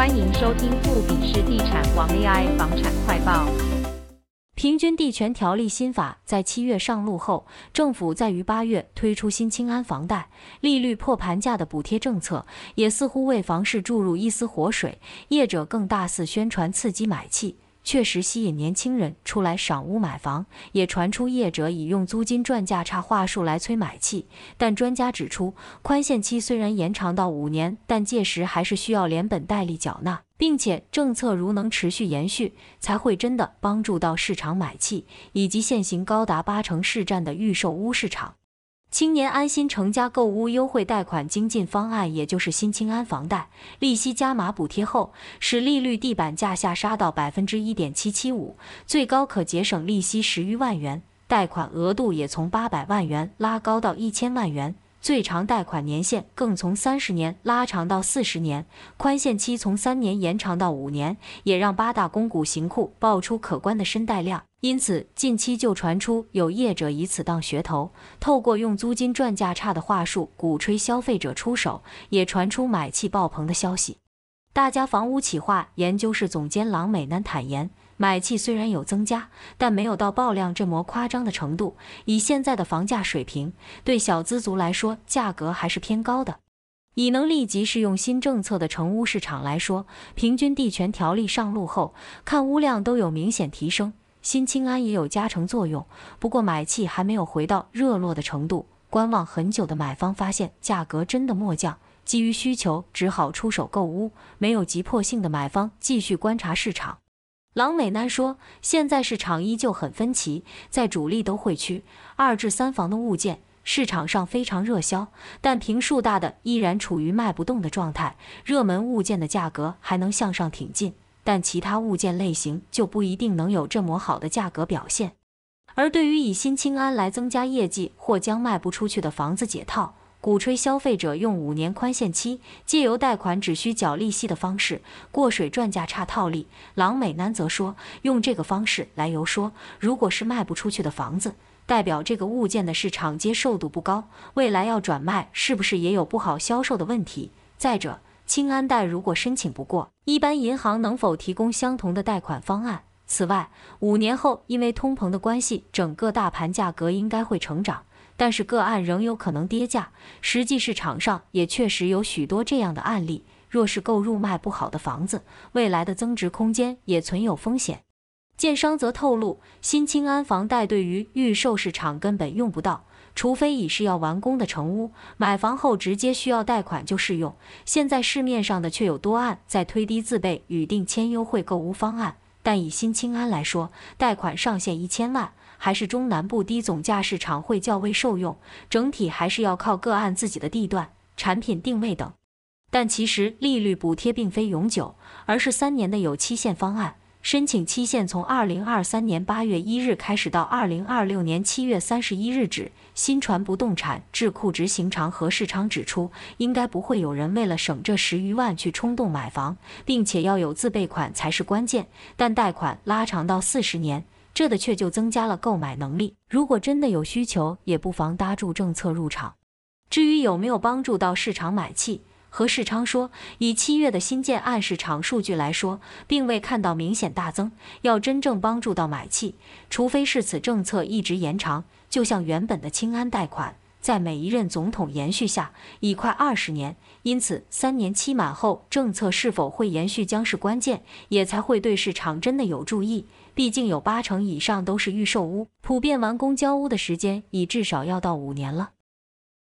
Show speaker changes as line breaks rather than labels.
歡迎收聽富比士地產王 AI 房產快報。平均地權條例新法在七月上路後，政府在於八月推出新青安房貸利率破盤價的補貼政策，也似乎為房市注入一絲活水，業者更大肆宣傳刺激買氣。確實吸引年輕人出來賞屋買房，也傳出業者以用租金賺價差話術來催買氣。但專家指出，寬限期雖然延長到五年，但屆時還是需要連本帶利繳納，並且政策如能持續延續，才會真的幫助到市場買氣，以及現行高達八成市占的預售屋市場。青年安心成家購屋優惠貸款精進方案，也就是新青安房貸，利息加碼補貼後，使利率地板價下殺到百分之一點七七五，最高可節省利息十餘萬元，貸款額度也從八百萬元拉高到一千萬元，最長貸款年限更從三十年拉長到四十年，寬限期從三年延長到五年，也讓八大公股行庫爆出可觀的申貸量。因此，近期就傳出有業者以此當噱頭，透過用租金賺價差的話術鼓吹消費者出手，也傳出買氣爆棚的消息。大家房屋企劃研究室總監郎美男坦言，買氣雖然有增加，但沒有到爆量這麼誇張的程度。以現在的房價水平，對小資族來說，價格還是偏高的。以能立即適用新政策的成屋市場來說，平均地權條例上路後，看屋量都有明顯提升。新青安也有加成作用，不過買氣還沒有回到熱絡的程度。觀望很久的買方發現價格真的沒降，基於需求只好出手購屋。沒有急迫性的買方繼續觀察市場。郎美男說，現在市場依舊很分歧，在主力都會區二至三房的物件市場上非常熱銷，但坪數大的依然處於賣不動的狀態。熱門物件的價格還能向上挺進。但其他物件類型就不一定能有這麼好的價格表現。而對於以新青安來增加業績或將賣不出去的房子解套，鼓吹消費者用五年寬限期、借由貸款只需繳利息的方式過水賺價差套利，郎美男則說，用這個方式來遊說，如果是賣不出去的房子，代表這個物件的市場接受度不高，未來要轉賣是不是也有不好銷售的問題？再者，青安貸如果申請不過，一般銀行能否提供相同的貸款方案？此外，五年後因為通膨的關係，整個大盤價格應該會成長，但是個案仍有可能跌價。實際市場上也確實有許多這樣的案例。若是購入賣不好的房子，未來的增值空間也存有風險。建商則透露，新青安房貸對於預售市場根本用不到。除非已是要完工的成屋，買房後直接需要貸款就適用。現在市面上的確有多案在推低自備與定簽優惠購屋方案，但以新青安來說，貸款上限一千萬，還是中南部低總價市場會較為受用。整體還是要靠個案自己的地段、產品定位等。但其實利率補貼並非永久，而是三年的有期限方案。申請期限從二零二三年八月一日開始，到二零二六年七月三十一日止。新傳不動產智庫執行長何世昌指出，應該不會有人為了省這十餘萬去衝動買房，並且要有自備款才是關鍵。但貸款拉長到四十年，這的確就增加了購買能力。如果真的有需求，也不妨搭住政策入場。至於有沒有幫助到市場買氣？何世昌說：“以七月的新建案市場數據來說，並未看到明顯大增。要真正幫助到買氣，除非是此政策一直延長，就像原本的青安貸款，在每一任總統延續下，已快二十年。因此，三年期滿後政策是否會延續將是關鍵，也才會對市場真的有助益。畢竟有八成以上都是預售屋，普遍完工交屋的時間已至少要到五年了。”